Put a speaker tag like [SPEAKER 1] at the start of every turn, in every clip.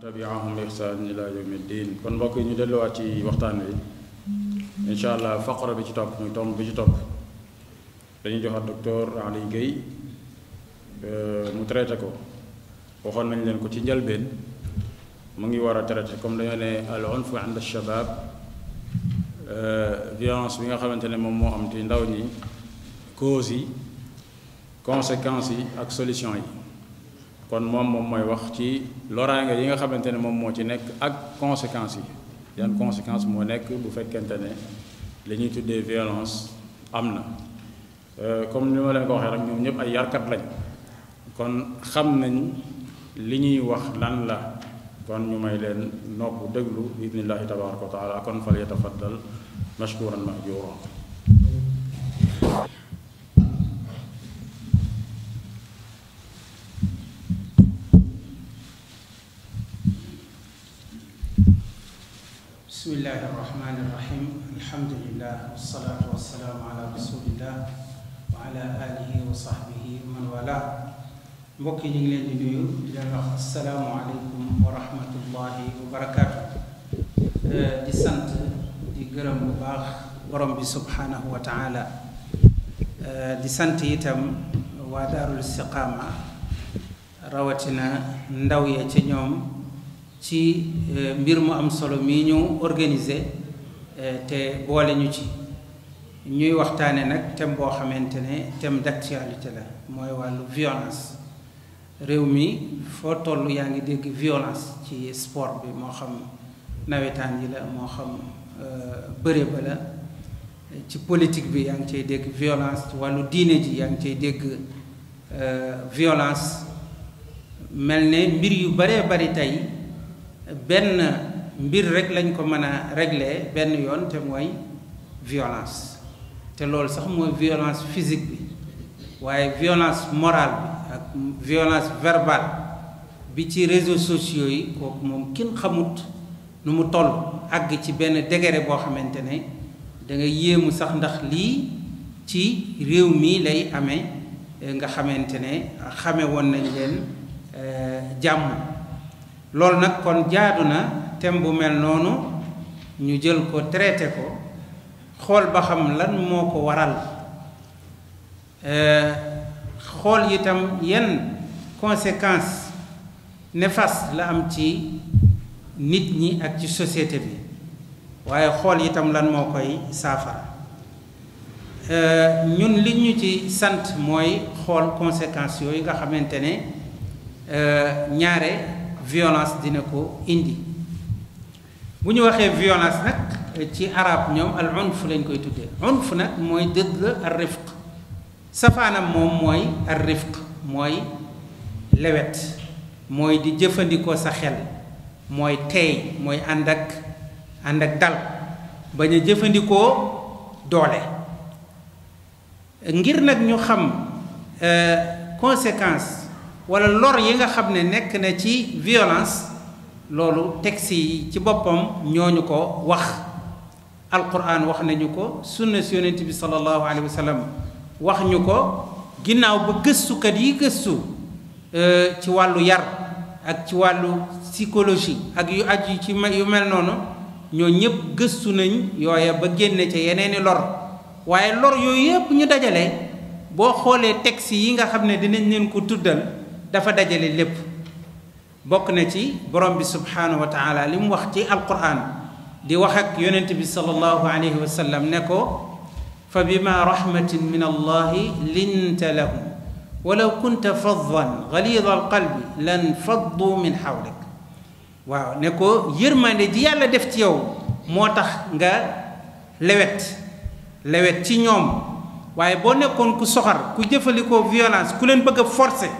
[SPEAKER 1] tabiahum bi ihsaan ila yawmi ddin kon mbokk yi ñu delluwaat ci waxtaan wi incha allah faqra bi ci topp muy tomb bi ci topp dañuy joxaat docteur Aly Guèye euh, mu traité ko waxoon nañ leen ko ci njëlbeen mu ngi war a traité comme dañoo ne al unfu inda shabab euh, violence bi nga xamante ne moom moo am ci ndaw ñi causes yi conséquences yi ak solution yi kon moom moom mooy wax ci loraange yi nga xamante ne moom moo ci nekk ak conséquence yi yan conséquence moo nekk bu fekkente ne li ñuy tuddee violence am na euh, comme ni ma leen ko waxee rek ñoom ñëpp ay yarkat lañ kon xam nañ li ñuy wax lan la kon ñu may leen nopp déglu bi idnillahi tabaraka wa taala kon fal yatafaddal mashkuran mahjuran
[SPEAKER 2] bismillahi irrahmani irrahim alhamdulilah wasalaatu wasalaamu ala rasulillah wa ala alihi wa sahbihi wa man wala mbokk yi ñu ngi leen di nuyu di leen wax asalaamu aleykum wa rahmatullahi wa barakaatu eh, di sant di gërëm bu baax borom bi subhaanahu wa taala eh, di sant itam waa daarul istiqaama rawatina ndaw ya ca ñoom ci euh, mbir mu am solo mii ñu organiser euh, te boole ñu ci ñuy waxtaane nag thème boo xamante ne tem d'actualité la mooy wàllu violence réew mi foo toll yaa ngi dégg violence ci sport bi moo xam nawetaan yi la moo xam euh, bëre ba la ci politique bi yaa ngi cay dégg violence wàllu diine ji yaa ngi cay dégg violence mel ne mbir yu baree bari tey benn mbir rek lañ ko mën a régle benn yoon te mooy violence te loolu sax mooy violence physique bi waaye violence morale bi ak violence verbale bi ci réseaux sociaux yi kooku moom kenn xamut nu mu toll àgg ci benn degré boo xamante ne da nga yéemu sax ndax lii ci réew mii lay ame eh, nga xamante ne xame woon nañ leen eh, jàmm loolu nag kon jaadu na thème bu mel noonu ñu jël ko traité ko xool ba xam lan moo ko waral euh, xool itam yenn conséquences nefas la am ci nit ñi ak ci société bi waaye xool itam lan moo koy saafara euh, ñun li ñu ci sant mooy xool conséquences yooyu nga xamante ne euh, ñaare violence dina ko indi bu ñu waxee violence nag ci arab ñoom al unf lañ koy tuddee unf nag mooy dëdd la ar rifq safaanam moom mooy ar rifq mooy lewet mooy di jëfandikoo sa xel mooy teey mooy ànd ak ànd ak dal bañ a jëfandikoo doole ngir nag ñu xam euh, conséquence wala lor yi nga xam ne nekk na ci violence loolu texte yi ci boppam ñooñu ko wax alquran wax nañu ko sunna si yonent bi sallallahu alayhi wa wax ñu ko ginnaaw ba gëstukat yi gëstu euh, ci wàllu yar ak ci wàllu psychologie ak yu aju ci yu mel noonu ñoo ñëpp gëstu nañ yooya ba génne ca yeneeni lor waaye lor yooyu yëpp ñu dajale boo xoolee texte yi nga xam ne dinañ leen ko tuddal dafa dajale lépp bokk na ci borom bi subhaanahu wa taala li mu wax ci alquran di wax ak yonent bi sallallahu alayhi wa ne ko fa bima rahmatin min allahi linta lahum walaw kunta faddan galida alqalbi lan faddu min xawlik waaw ne ko yërmande ji yàlla def ci yow moo tax nga lewet lewet ci ñoom waaye boo nekkoon ku soxar ku jëfalikoo violence ku leen bëgg a forcer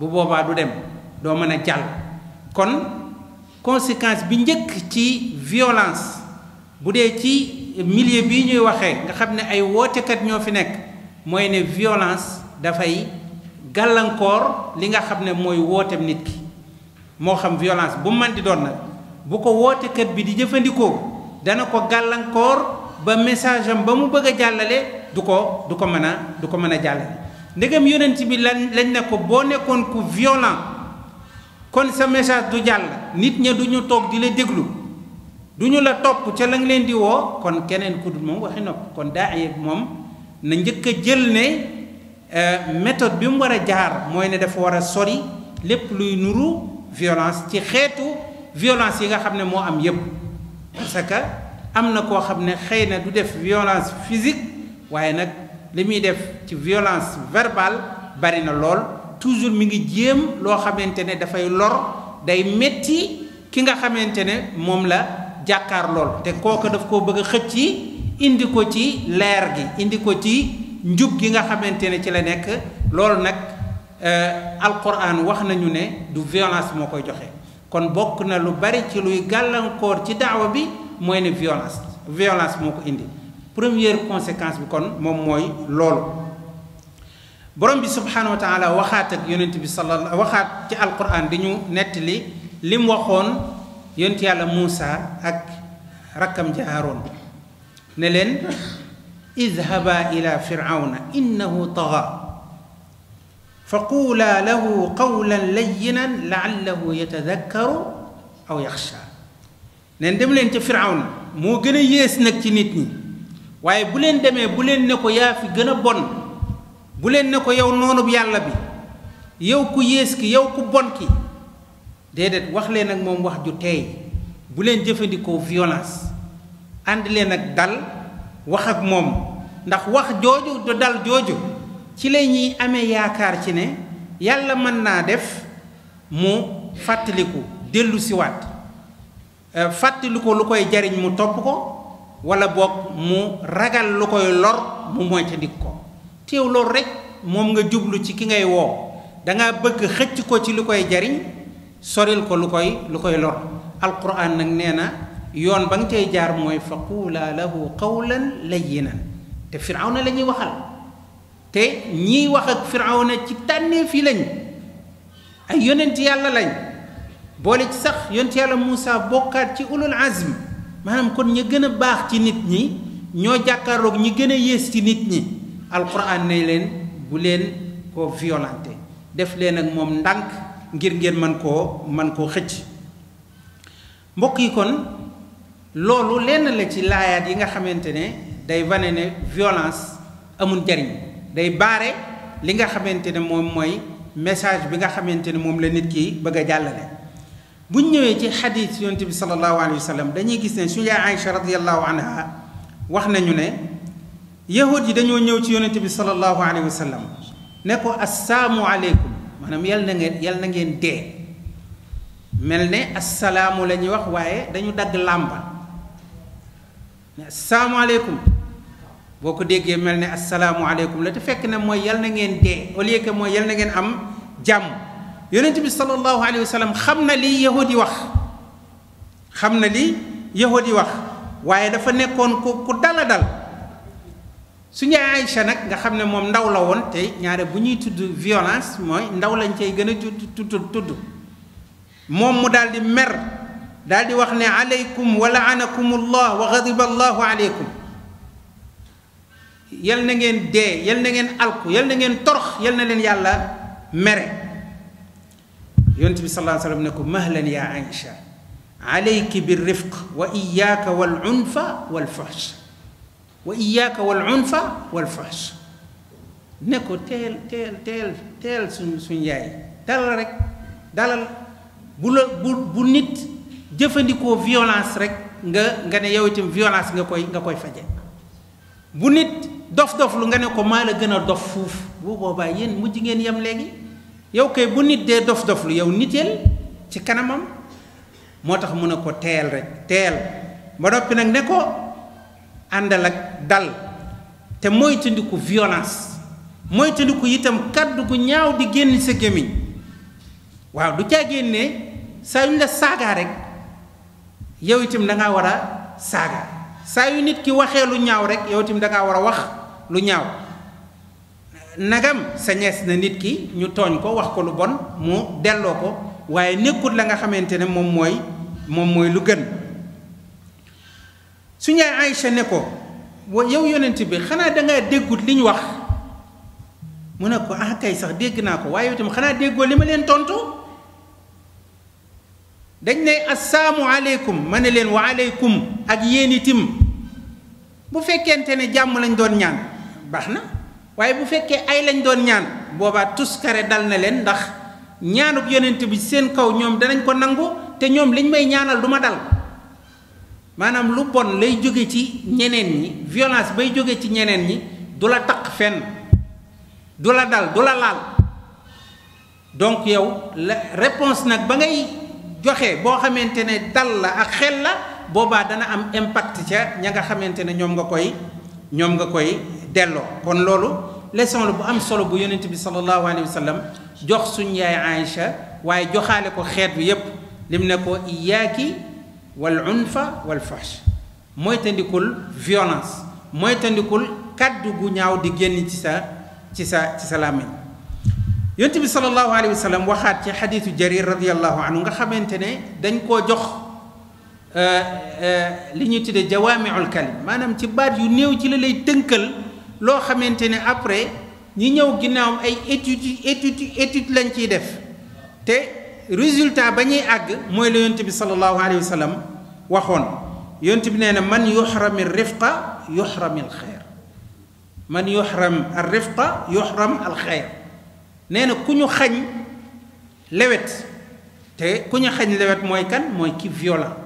[SPEAKER 2] bu boobaa du dem doo mën a jàll kon conséquence bi njëkk ci violence bu dee ci milieu bii ñuy waxee nga xam ne ay wootekat ñoo fi nekk mooy ne violence dafay gàllankoor li nga xam ne mooy wootem nit ki moo xam violence bu man di doon nag bu ko wootekat bi di jëfandikoo dana ko gàllankoor ba message am ba mu bëgg a jàllale du ko du ko mën a du ko mën a jàllale ndegam yonent bi lañ lañ ne ko boo nekkoon ku violent kon sa message du jàll nit ña duñu toog di la déglu duñu la topp ca la leen di woo kon keneen ku moom waxi nopp kon daa moom na njëkk a jël ne euh, méthode bi mu war a jaar mooy ne dafa war a sori lépp luy nuru violence ci xeetu violence yi nga xam ne moo am yépp parce que am na koo xam ne xëy na du def violence physique waaye nag li muy def ci violence verbale bari na lool toujours mi ngi jéem loo xamante ne dafay lor day metti ki nga xamante ne moom la jàkkaar lool te kooka daf koo bëgg a xëcc indi ko ci leer gi indi ko ci njub gi nga xamante ne ci la nekk loolu nag euh, alquran wax nañu ne du violence moo koy joxe kon bokk na lu bari ci luy gàllankoor ci daawa bi mooy ne violence violence moo ko indi première conséquence bi kon moom mooy loolu borom bi subhanahu wa taala waxaat ak yonent bi sallallahu waxaat ci alquran di ñu nettali li mu waxoon yonent yàlla Muusa ak rakam ja Haaroon ne leen idhaba ila firawna innahu taga faquulaa lahu qawlan layyinan laallahu yatadakkaru aw yaxsha neen dem leen ca firawna moo gën a yées nag ci nit ñi waaye bu leen demee bu leen ne ko yaa fi gën a bon buleen leen ne ko yow noonub yàlla bi yow ku yées ki yow ku bon ki déedéet wax leen ak moom wax ju teey bu leen jëfandikoo violence ànd leen ak dal wax ak moom ndax wax jooju du dal jooju ci la ñuy amee yaakaar ci ne yàlla mën naa def mu fàttaliku dellusiwaat siwaat euh, fàttaliku lu koy jariñ mu topp ko wala boog mu ragal lu koy lor mu moytandik ko teew loolu rek moom nga jublu ci ki ngay woo danga bëgg xëcc ko ci lu koy jariñ soril ko lu koy lu koy lor alquran nag nee na yoon ba nga cay jaar mooy faquulaa lahu qawlan layyinan te firawna la ñuy waxal te ñiy wax ak firawna ci tànneef yi lañ ay yonent yàlla lañ boole ci sax yonent yàlla Muusa bokkaat ci ulul azm maanaam kon ñi gën a baax ci nit ñi ñoo jàkkaarloog ñi gën a yées ci nit ñi alquran ne leen bu leen ko violenté def leen ak moom ndànk ngir ngeen mën koo mën koo xëcc mbokk yi kon loolu lenn la ci laayaat yi nga xamante ne day wane ne violence amul njariñ day baare li nga xamante ne moom mooy message bi nga xamante ne moom la nit ki bëgg a jàllale bu ñu ñëwee ci xadiis yonent bi sallallahu alayhi wa dañuy gis ne suñu Aïcha radiyallahu anha wax nañu ne yahud yi dañoo ñëw ci yonent bi sallallahu alayhi wa sallam ne ko assalaamu aleykum maanaam yal na ngeen yal na ngeen dee mel ne assalaamu lañuy wax waaye dañu dagg làmba ne assalaamu aleykum boo ko déggee mel ne assalaamu aleykum la te fekk na mooy yal na ngeen dee au lieu mooy yal na ngeen am jàmm yonent bi sallallahu alayhi wa sallam xam na li yahud yi wax xam na li yahud yi wax waaye dafa nekkoon ku ku dala dal suñu Aïcha nag nga xam ne moom ndaw la woon tey ñaare bu ñuy tudd violence mooy ndaw lañ cay gën a tudd tudd moom mu daldi mer daldi wax ne aleykum wa laanakumullah wa ghadiba allahu aleykum yal na ngeen dee yal na ngeen alku yal na ngeen torox yal na leen yàlla mere yonent bi sallallahu wa sallam ne ko mahlan ya Aïcha alayki bi rifq wa iyaaka wal unfa wal fuhsh wa iyaaka wal unfa wal fuhsh ne ko teel teel teel teel suñ suñ yaay dalal rek dalal bu la bu bu nit jëfandikoo violence rek nga nga ne yow itam violence nga koy nga koy faje bu nit dof dof lu nga ne ko maa la gën a dof fuuf bu boobaa yéen mujj ngeen yem léegi yow kay bu nit dee dof doflu yow niteel ci kanamam moo tax mu ne ko teel rek teel ba noppi nag ne ko àndal ak dal te moytandiku violence moytandiku itam kàddu gu ñaaw di génn sa gémmiñ waaw du caa génnee saa yu ñu la saagaa rek yow itam danga war a saaga saa yu nit ki waxee lu ñaaw rek yow itam da war a wax lu ñaaw nagam sañees na nit ki ñu tooñ ko wax ko lu bon mu delloo ko waaye nekkut la nga xamante ne moom mooy moom mooy lu gën su ñaay Aïcha ne ko yow yonent bi xanaa dangaa déggut li ñu wax mu ne ko ah kay sax dégg naa ko waaye yow xanaa déggoo li ma leen tontu dañ ne assalaamu aleykum ma ne leen wa aleykum ak yéen itam bu fekkente ne jàmm lañ doon ñaan baax na waaye bu fekkee ay lañ doon ñaan boobaa tuskare dal na leen ndax ñaanub yeneen bi seen kaw ñoom danañ ko nangu te ñoom liñ may ñaanal du ma dal maanaam lu bon lay jóge ci ñeneen ñi violence bay jóge ci ñeneen ñi du la taq fenn du la dal du la laal donc yow la réponse nag ba ngay joxe boo xamante ne dal la ak xel la boobaa dana am impact ca ña nga xamante ne ñoom nga koy ñoom nga koy delloo kon loolu leçon la bu am solo bu yonent bi sallallahu alayhi wa sallam jox suñ yaay Aïcha waaye joxaale ko xeet bi yépp lim ne ko iyaaki wal unfa wal fahsh moytandikul violence mooy kàddu gu ñaaw di génn ci sa ci sa ci sa làmmiñ yonent bi sallallahu alayhi wa sallam waxaat ci xadiisu jarir radiallahu anhu nga xamante ne dañ koo jox euh, euh, li ñuy tuddee jawaamiul kalim maanaam ci baat yu néew ci la lay tënkal loo xamante ne après ñi ñëw ginnaaw ay études études études lañ ciy def te résultat ba ñuy àgg mooy la yonent bi sallallahu alayhi wa sallam waxoon yont bi nee na man yuxrami rifqa yuxrami alxeer man yuxram al rifqa yuxram alxeer nee na ku ñu xañ lewet te ku ñu xañ lewet mooy kan mooy ki violent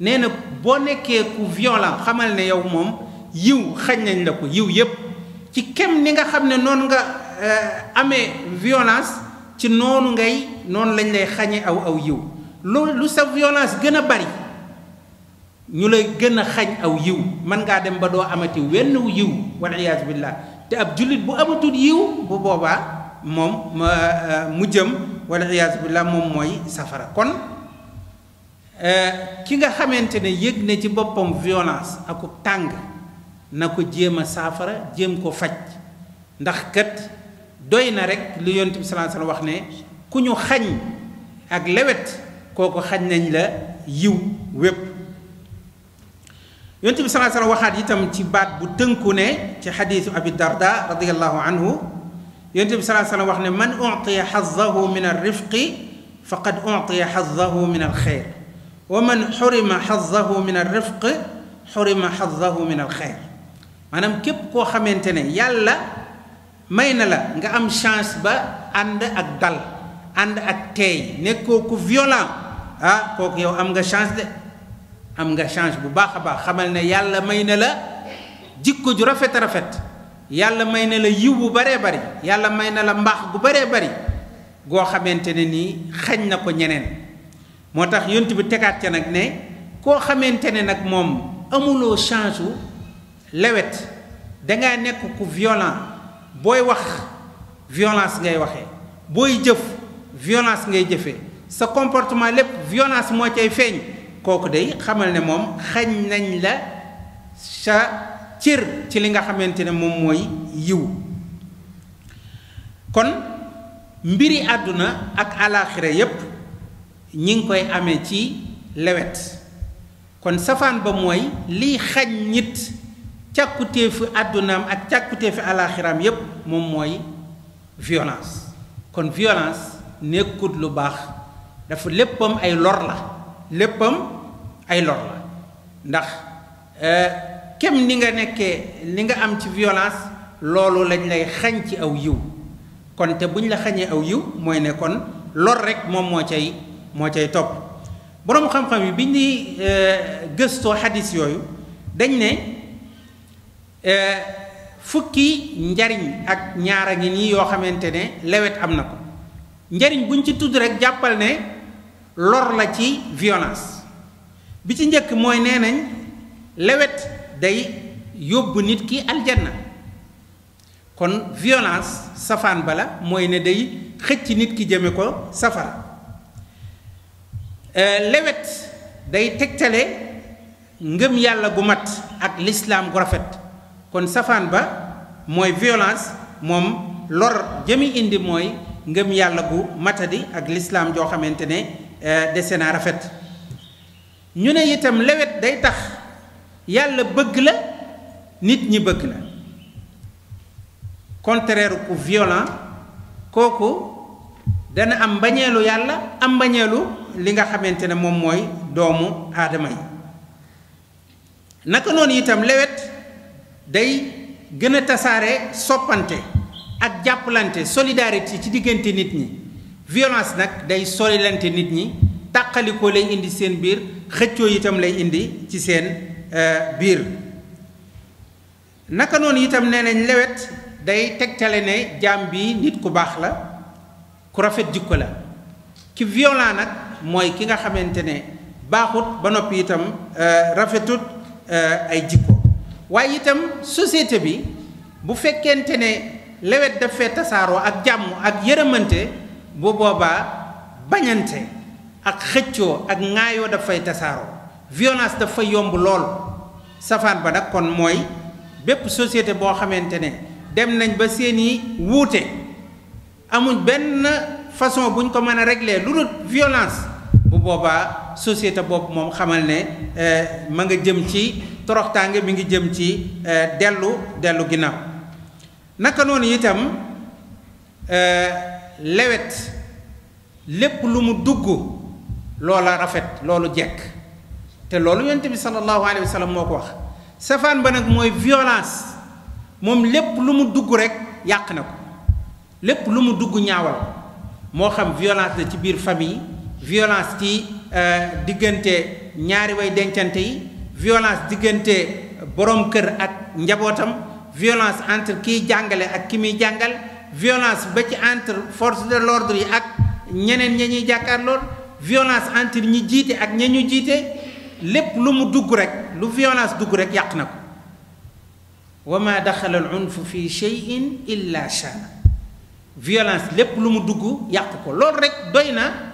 [SPEAKER 2] nee na boo nekkee ku violent xamal ne yow moom yiw xañ nañ la ko yiw yépp ci kem ni nga xam ne noonu nga euh, amee violence ci noonu ngay noonu lañ lay xañe aw aw yiw loolu lu sa violence gën a bari ñu lay gën a xañ aw yiw mën ngaa dem ba doo amati wenn yiw wal iyaazu billaah te ab jullit bu amatul yiw bu boobaa moom euh, mu jëm wal iyaazu billaah moom mooy safara kon euh, ki nga xamante ne yëg na ci boppam violence akub tàng na ko jéem a saafara jéem ko faj ndax kat doy na rek lu yonent bi wax ne ku ñu xañ ak lewet kooku xañ nañ la yiw wépp yonent bi sallallahu alayhi waxaat itam ci baat bu tënku ne ci xadiisu abi darda radiyallahu anhu yonent bi sallallahu alayhi wasallam wax ne man utiya xazahu min alrifqi faqad utiya xazahu min alxeyr wa man xurima xazahu min alrifq xurima xazahu min alxeyr maanaam képp koo xamante ne yàlla may na la nga am chance ba ànd ak dal ànd ak teey nekkoo ku violent ah kooku yow am nga chance de am nga change bu baax a baax xamal ne yàlla may na la jikko ju rafet rafet yàlla may na la yiw bu baree bari yàlla may na la mbaax bu baree bari goo xamante ne nii xañ na ko ñeneen moo tax yont bi tegaat ca nag ne koo xamante ne nag moom amuloo change wu lewet danga nekk ku violent booy wax violence ngay waxe booy jëf violence ngay jëfee sa comportement lépp violence moo cay feeñ kooku day xamal ne moom xañ nañ la sa cër ci li nga xamante ne moom mooy yiw kon mbiri àdduna ak alaaxira yépp ñi ngi koy amee ci lewet kon safaan ba mooy liy xañ nit càkkutéefu àddunaam ak càkkutéefu alaaxiraam yépp moom mooy violence kon violence nekkut lu baax dafa léppam ay lor la léppam ay lor la ndax euh, kem ni nga nekkee li nga am ci violence loolu lañ lay xañ ci aw yiw kon te buñ la xañee aw yiw mooy ne kon lor rek moom moo cay moo cay topp boroom xam-xam yi bi ñuy euh, gëstoo xadis yooyu dañ ne Euh, fukki njariñ ak ñaar a ngi nii yoo xamante ne lewet am na ko njariñ buñ ci tudd rek jàppal ne lor la ci violence bi ci njëkk mooy nee nañ lewet day yóbbu nit ki aljanna kon violence safaan bala mooy ne day xëcc nit ki jëme ko safara euh, lewet day tegtale ngëm yàlla gu mat ak lislaam gu rafet kon safaan ba mooy violence moom lor jëmi indi mooy ngëm yàlla gu matadi ak lislaam joo xamante ne euh, dese naa rafet ñu ne itam lewet day tax yàlla bëgg la nit ñi bëgg na contraire ku violent kooku dana am mbañeelu yàlla am mbañeelu li nga xamante ne moom mooy doomu aadama yi naka noonu itam lewet day gën a tasaare soppante ak jàppalante solidarité ci diggante nit ñi violence nag day solilante nit ñi tàqalikoo lay indi seen biir xëccoo itam lay indi ci seen euh, biir naka noonu itam nee nañ lewet day tegtale ne jaam bi nit ku baax la ku rafet jikko la ki violent nag mooy ki nga xamante ne baaxut ba noppi itam euh, rafetut euh, ay jikko waaye itam société bi bu fekkente ne lewet daf tasaaroo ak jàmm ak yërëmante bu boobaa bañante ak xëccoo ak ŋaayoo dafay tasaaroo violence daf yomb lool safaan ba nag kon mooy bépp société boo xamante ne dem nañ ba seeni wuute amuñ benn façon buñ ko mën a régler lu dul violence bu boobaa société boobu moom xamal ne euh, ma nga jëm ci toroxtaange bi nga jëm ci euh, dellu dellu ginnaaw naka noonu itam euh, lawet lépp lu mu dugg loola rafet loolu jekk te loolu yonent bi sallallahu alayhi moo ko wax safaan ba nag mooy violence moom lépp lu mu dugg rek yàq na ko lépp lu mu dugg ñaawal moo xam violence la ci biir famille violence ci euh, diggante ñaari way dencante yi violence diggante borom kër ak njabootam violence entre kiy jàngale ak ki muy jàngal violence ba ci entre force de l'ordre yi ak ñeneen ña ñuy jàkkaarlool violence entre ñi jiite ak ña ñu jiite lépp lu mu dugg rek lu violence dugg rek yàq na ko wa ma daxala al unfu fi cheyin illa sha violence lépp lu mu dugg yàq ko loolu rek doy na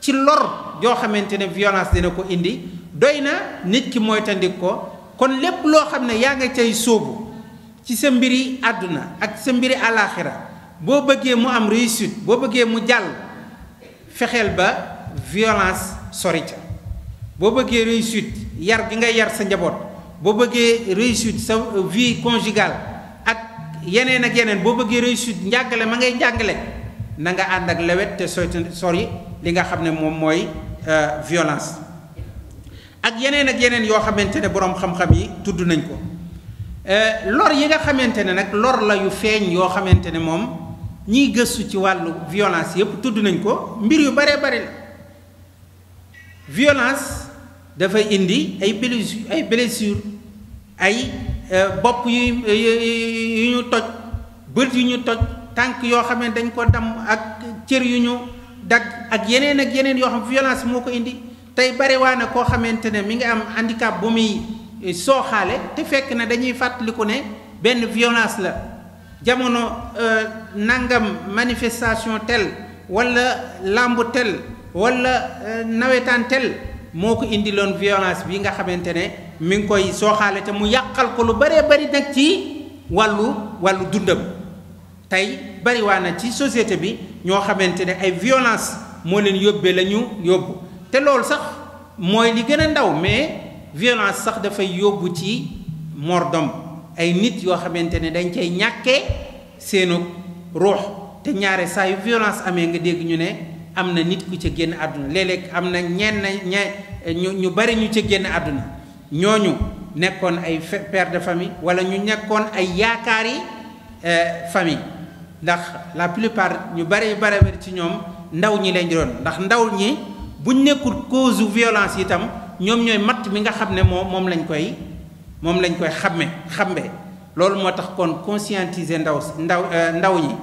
[SPEAKER 2] ci lor joo xamante ne violence dina ko indi doy na nit ki moytandik ko kon lépp loo xam ne yaa nga cay sóobu ci sa mbiri àdduna ak sa mbiri àllaaxira boo bëggee mu am réussite boo bëggee mu jàll fexeel ba violence sori boo bëggee réussite yar gi nga yar sa njaboot boo bëggee réussite sa vie conjugale ak yeneen ak yeneen boo bëggee réussite njàngale ma ngay njàngale na nga ànd ak lewet te yi li nga xam ne moom mooy euh, violence ak yeneen ak yeneen yoo xamante ne boroom xam-xam yi tudd nañ ko euh, lor yi nga xamante ne nag lor la yu feeñ yoo xamante ne moom ñiy gëstu ci wàllu violence yépp tudd nañ ko mbir yu baree bari la violence dafay indi ay blessure ay blessure ay euh, bopp yu yu ñu toj bët yu ñu toj tànk yoo xam ne dañ ko damm ak cër yu ñu dagg ak yeneen ak yeneen yoo xam violence moo ko indi tey barewaa na koo xamante ne mi ngi am handicap bu muy sooxaale te fekk na dañuy fàttaliku ne benn violence la jamono euh, nangam manifestation tel wala làmb wala euh, nawetaan tel moo ko indi loon violence nga xamante ne mi ngi koy sooxaale ca mu yàqal ko lu bëree bari nag ci wàllu wàllu dundam tey bariwaa na ci société bi ñoo xamante ne ay violence moo leen yóbbee lañu yóbbu te loolu sax mooy li gën a ndaw mais violence sax dafay yóbbu ci mort d'homme ay nit yoo xamante ne dañ cay ñàkkee seenu ruux te ñaare saa yu violence amee nga dégg ñu ne am na nit ku ca génn àdduna léeg am na ñenn ñe ñu ñu bari ñu ca génn àdduna ñoo ñu nekkoon ay père de famille wala ñu nekkoon ay yaakaari euh, famille ndax la plupart ñu bari bare ci ñoom ndaw ñi leen di doon ndax ndaw ñi buñ nekkul cause violence itam ñoom ñooy matt mi nga xam ne moom moom lañ koy moom lañ koy xàmme xàmme loolu moo tax kon conscientiser ndaw ndaw euh, ndaw ñi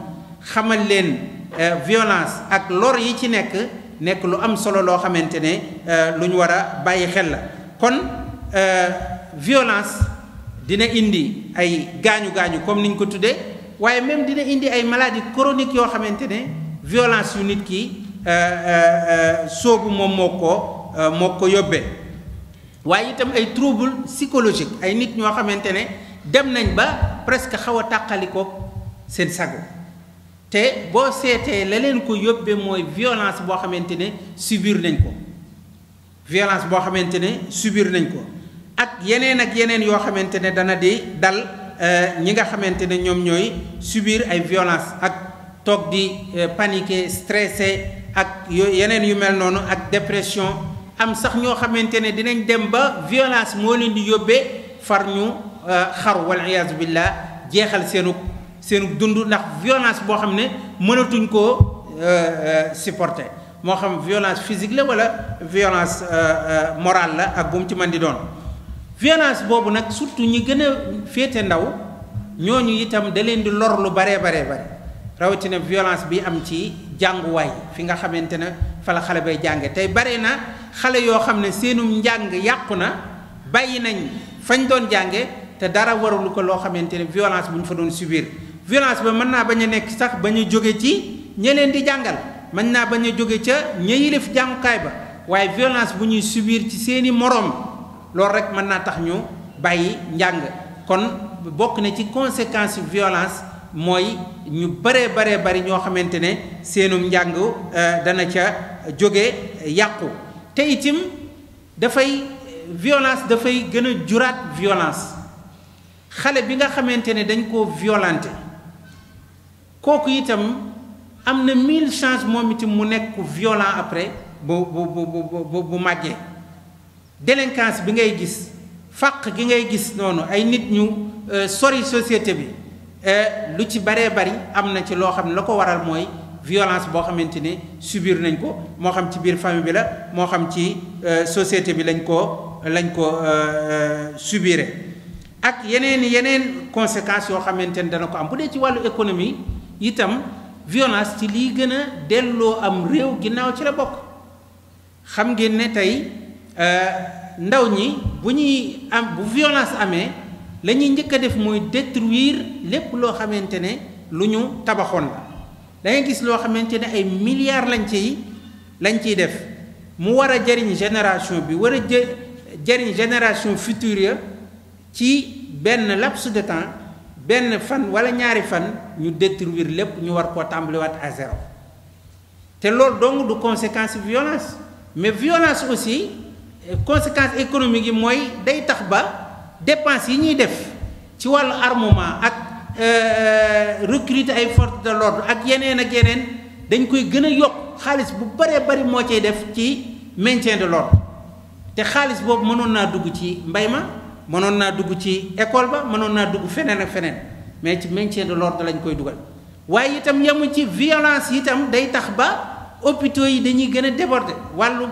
[SPEAKER 2] xamal leen euh, violence ak lor yi ci nekk nekk lu am solo loo xamante ne euh, lu ñu war a bàyyi xel la kon violence dina indi ay gaañu gaañu comme niñ ko tuddee. waaye même dina indi ay maladies chroniques yoo xamante ne violence yu nit ki euh, euh, euh, soobu moom moo ko moo ko yóbbee waaye itam ay trouble psychologique ay nit ñoo xamante ne dem nañ ba presque xaw a ko seen sago te boo seetee la leen ko yóbbee mooy violence boo xamante ne subir nañ ko violence boo xamante ne subir nañ ko ak yeneen ak yeneen yoo xamante ne dana di dal Euh, ñi nga xamante ne ñoom ñooy subir ay violence ak toog di euh, paniquer stressé ak yo yeneen yu mel noonu ak dépression am sax ñoo xamante ne dinañ dem ba violence moo leen di yóbbee far ñu euh, xaru wal iyaazu billah jeexal seenu seenu dund ndax violence boo xam ne mënatuñ koo supporter moo xam violence physique la walla violence morale la ak bu ci man di doon violence boobu nag surtout ñi gën a féete ndaw ñooñu itam da leen di lor lu baree baree bare rawatina violence bi am ci jànguwaay fi nga xamante ne fa xale bay jànge tey bare na xale yoo xam ne seenum njàng yàqu na bàyyi nañ fañ doon jànge te dara warulu ko loo xamante ne violence bu ñu fa doon subir violence ba mën naa bañ a nekk sax bañ a jóge ci ña leen di jàngal mën naa bañ a jóge ca ña yilif jàngukaay ba waaye violence bu ñuy subir ci seeni moroom loolu rek mën naa tax ñu bàyyi njàng kon bokk na ci conséquence violence mooy ñu bëree baree bari ñoo xamante ne seenum njàng euh, dana ca jóge yàqu te itim dafay violence dafay gën a juraat violence xale bi nga xamante ne dañ koo violenté kooku itam am na mille chances moom itam mu nekk violent après bu bu bu bu bu màggee délinquance bi ngay gis fàq gi ngay gis noonu ay nit ñu euh, sori société bi euh, lu ci baree bari am na ci loo xam ne la ko waral mooy violence boo xamante ne subir nañ ko moo xam ci biir famille bi la moo xam ci euh, société bi lañ ko lañ ko subire ak yeneen yeneen conséquences yoo xamante ne dana ko am bu dee ci wàllu économie itam violence ci liy gën a delloo am réew ginnaaw ci la bokk xam ngeen ne tey Euh, ndaw ñi bu ñuy am bu violence amee lañuy njëkk a def mooy détruire lépp loo xamante ne lu ñu tabaxoon la da gis loo xamante ne ay milliards lañ ciy lañ ciy def mu war a jariñ génération bi war a jariñ génération future ya ci benn laps de temps benn fan wala ñaari fan ñu détruire lépp ñu war koo tàmbaliwaat à zéro te loolu dong du conséquence violence mais violence aussi conséquences économiques yi mooy day tax ba dépenses yi ñuy def ci wàll armement ak euh, recruter ay forces de l'ordre ak yeneen ak yeneen dañ koy gën a yokk xaalis bu baree bari moo cay def ci maintien de l'ordre te xaalis boobu mënoon naa dugg ci mbay ma mënoon naa dugg ci école ba mënoon naa dugg feneen ak feneen mais ci maintien de l'ordre lañ koy dugal waaye itam yamu ci violence itam day tax ba hôpitaux yi dañuy gën a déborder wàllu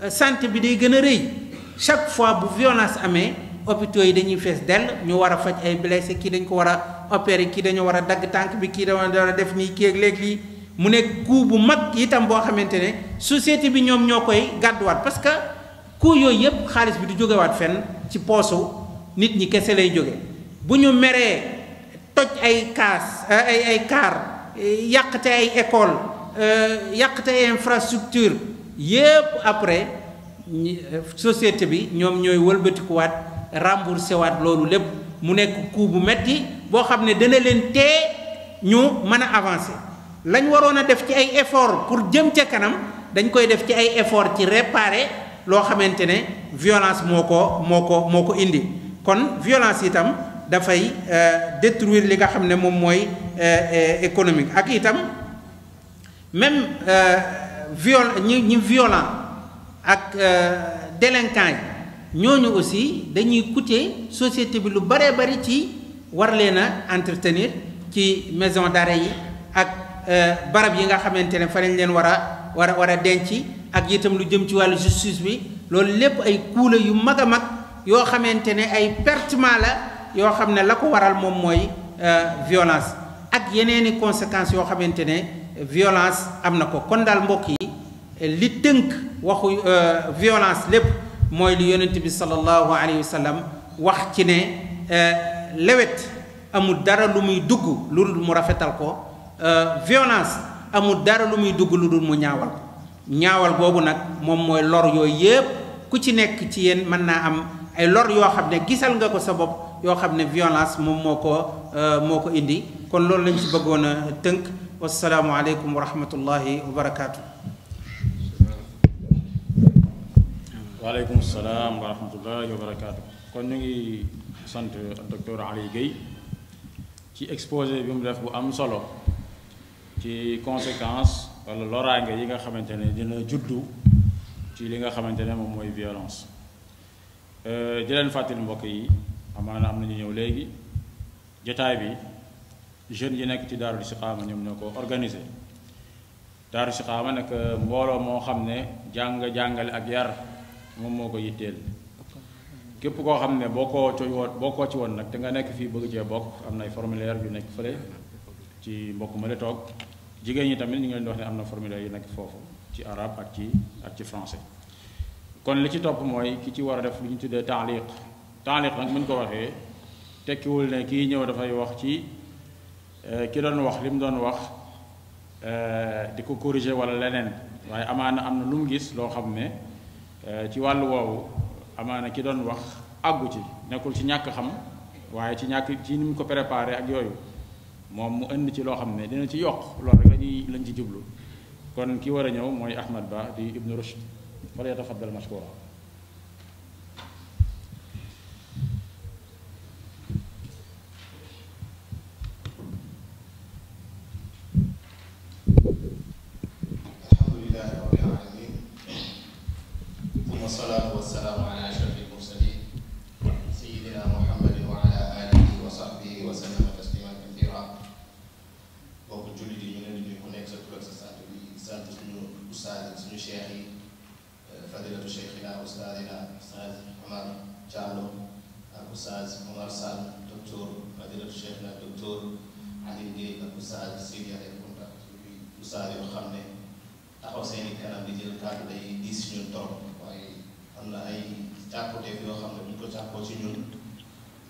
[SPEAKER 2] Euh, santé bi day gën a rëy chaque fois bu violence amee hôpitaux yi dañuy fees dell ñu war a faj ay blessé kii dañ ko war a opéré kii dañu war a dagg tànk bi kii da war a def nii kii ak léeg mu nekk coût bu mag itam boo xamante ne société bi ñoom ñoo koy gàdduwaat parce que coût yooyu yëpp xaalis bi du jógewaat fenn ci poosu nit ñi kese lay jóge bu ñu meree toj ay kaas ay ay kaar yàqte ay école euh, yàqte ay infrastructure yépp après société bi ñoom ñooy wëlbatikuwaat remboursé waat loolu lépp mu nekk coût bu metti boo xam ne dina leen tee ñu mën a avancé lañ waroon a def ci ay effort pour jëm ca kanam dañ koy def ci ay effort ci réparer loo xamante ne violence moo ko moo ko moo ko indi kon violence itam dafay euh, détruire li nga xam ne moom mooy euh, euh, économique ak itam même viol ñi ñi violent ak euh, délinquant yi ñooñu aussi dañuy coûter société bi lu baree bari ci war leen a entretenir ci maison d'arrêt yi ak euh, barab yi nga xamante ne fa lañ leen war a war a war a denc ak itam lu jëm ci wàllu justice bi loolu lépp ay coût yu mag a mag yoo xamante ne ay pertement la yoo xam ne la ko waral moom mooy euh, violence ak yeneeni conséquences yoo xamante ne violence am na ko kon daal mbokk yi li tënk waxu euh, violence lépp mooy li yonent bi sallallahu alayhi wa sallam wax ci ne euh, lewet amul dara lu muy dugg lu dul mu rafetal ko euh, violence amul dara lu muy dugg lu mu ñaawal ñaawal boobu nag moom mooy lor yooyu yépp ku ci nekk ci yéen mën naa am ay lor yoo xam ne gisal nga ko sa bopp yoo xam ne violence moom moo ko moo ko indi kon loolu lañ ci bëggoon a tënk wassalaamu aleykum wa rahmatullahi wa barakaatu.
[SPEAKER 1] waaleykum salaam wa rahmatullahi kon ñu ngi sant docteur Aly Guèye ci exposé bi mu def bu am solo ci conséquence wala loraange yi nga xamante ne dina juddu ci li nga xamante ne moom mooy violence euh, di leen fàttali mbokk yi amaan am na ñu ñëw léegi jotaay bi. jeunes yi nekk ci daarul istiqaama ñoom ñoo ko organisé daarul istiqaama nag euh, mbooloo moo xam ne jàng jàngale ak yar moom moo ko yitteel képp koo xam ne boo koo ci woon boo koo ci woon nag te nga nekk fii bëgg cee bokk am nay formulaire yu nekk fële ci mbokk ma la toog jigéen ñi tamit ñu ngi leen wax ne am na formulaire yu nekk foofu ci arab ak ci ak ci français kon li ci topp mooy ki ci war a def lu ñu tuddee taaliq taaliq nag mën ko waxee tekkiwul ne kii ñëw dafay wax ci Eh, ki doon wax li mu doon wax eh, di ko corriger walla leneen waaye amaana am na lu mu gis loo xam ne eh, ci wàll woowu amaana ki doon wax àggu ci nekkul ci ñàkk xam waaye ci ñàkk ci ni mu ko préparé ak yooyu moom mu indi ci loo xam ne dina ci yokk loolu rek lañuy lañ ci jublu kon ki war a ñëw mooy Ahmad Ba di Ibnu Rushd wala yatafaddal mashkura
[SPEAKER 3] ko ci ñun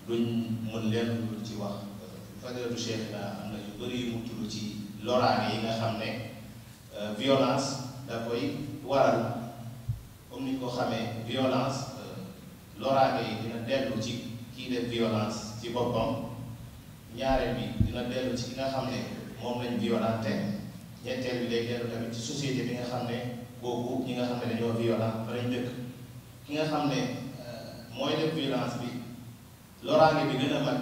[SPEAKER 3] duñ mën leen lu ci wax fadeeru Cheikh la am na yu bëri mu tudd ci loraane yi nga xam ne euh, violence da koy waral comme ni ko xamee violence euh, loraane yi dina dellu ci kii def violence ci boppam ñaareel bi dina dellu ci ki nga xam ne moom lañ violenté ñetteel bi day dellu ci société bi nga xam ne kooku ñi nga xam ne dañoo violent fa lañ dëkk ki nga xam ne mooy def violence bi loraange bi gën a mag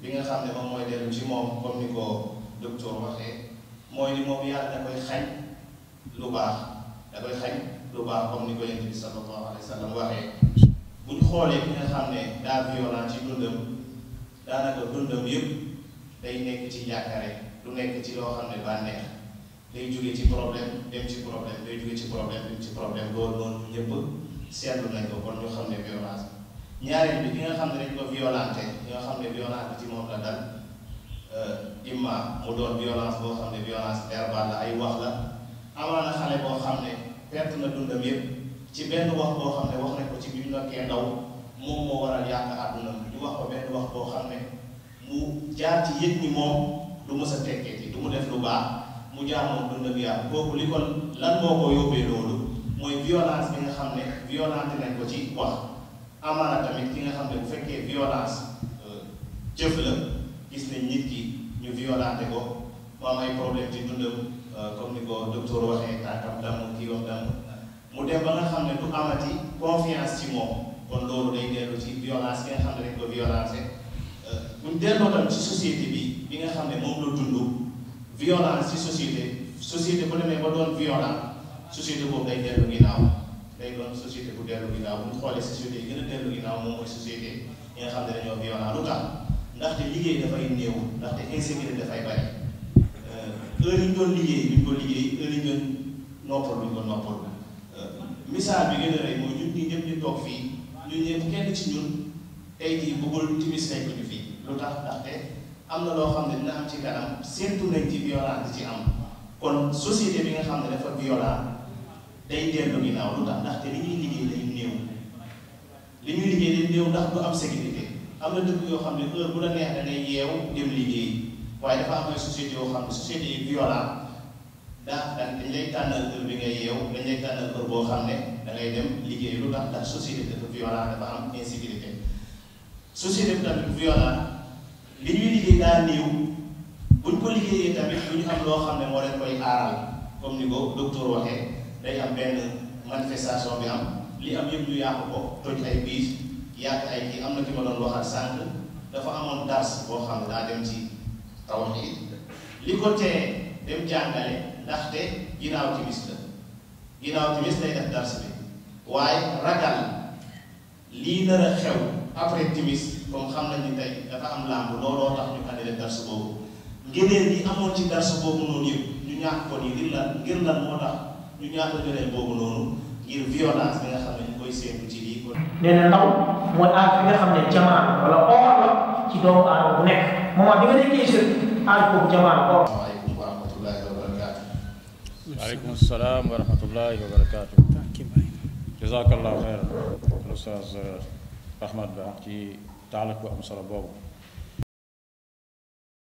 [SPEAKER 3] bi nga xam ne moom mooy dellu ci moom comme ni ko docteur moo mooy ni moom koy xañ lu baax da koy xañ lu baax comme ni ko yonent bi sallallahu alayhi wa sallam waxee bu ñu xoolee ki nga xam ne daa violent ci dundam daanaka day nekk ci njàkkare du nekk ci loo xam ne bànneex day jóge ci problème dem ci problème day jóge ci problème dem ci problème loolu noonu ñëpp seetlu nañ ko kon ñu xam ne violence ñaareel bi bi nga xam ne dañ ko violenté ki nga xam ne violence ci moom la dal euh, imma mu doon violence boo xam ne violence verbale ay wax la amaana xale boo xam ne xam ne wax mu jaar ci a tekkee ko ci wax amaana tamit ki nga xam ne bu fekkee violence euh, jëf la gis nañ ki ñu violenté ko mu am ay problème ci dundam euh, comme ni ko docteur waxee tànkam damm kii wax damm mu dem ba nga xam ne du amati confiance ci moom kon loolu day dellu ci violence bi nga xam ne dañ ko violencé euh, buñ delloo tam ci bi bi nga xam ne moom la dund violence ci société société bu demee ba doon violent société boobu day dellu ginnaaw day doon société bu dellu ginnaaw bu ñu xoolee société yi gën a dellu ginnaaw moom mooy société yi nga xam ne dañoo violent lu tax ndaxte liggéey dafay néew ndaxte insécurité dafay bari euh, heure yi ñu doon liggéey duñ ko liggéey heure yi ñu doon noppal duñ ko noppal euh, misaal bi gën a rëy mooy ñun ñi ñëpp ñu toog fii ñun ñëpp kenn ci ñun tey jii bëggul timis nekk ñu fii lu tax ndaxte am na loo xam ne dina am ci kanam séntu nañ ci violent ci am kon société bi nga xam ne dafa violent day dellu ginnaaw lu tax ndaxte li ñuy liggéey day néew li ñuy liggéey day néew ndax du am sécurité am na dëkk yoo xam ne heure bu la neex da ngay yeew dem liggéey waaye dafa am ay société yoo xam ne société yi violent ndax dañ lay tànnal heure bi ngay yeew dañ lay tànnal heure boo xam ne da ngay dem liggéey lu tax ndax société dafa violent dafa am insécurité société bi tamit violent li ñuy liggéey daa néew buñ ko liggéeyee tamit lu ñu am loo xam ne moo leen koy aaral comme ni ko docteur waxee day am benn manifestation bi am li am yëpp ñu yàq ko toj ay biis yàq ay kii am na ki ma doon waxal sànq dafa amoon dars boo xam ne daa li ko tee dem jàngale ndaxte ginnaaw timis la ginnaaw dafa am làmb looloo tax ñu àndi dars boobu ngëneel yi amoon ci dars boobu noonu yëpp ñu ñàkk ko nii ngir lan ngir lan moo tax ñu ñaata jëlee boobu noonu ngir violence bi nga xam ne ñu koy séntu ci lii.
[SPEAKER 2] nee na ndaw mooy aar
[SPEAKER 3] bi nga xam ne jamono wala or la ci doomu aadama bu
[SPEAKER 1] nekk moment bi nga nekkee jeune aar boobu jamono or. asalaamaaleykum wa
[SPEAKER 3] rahmatulaahi wa barakaatu.
[SPEAKER 1] waaleykum salaam wa rahmatulaahi wa barakaatu. jazaakallaahu xayran. Oustaz Ahmad Ba ci taalak bu am solo boobu.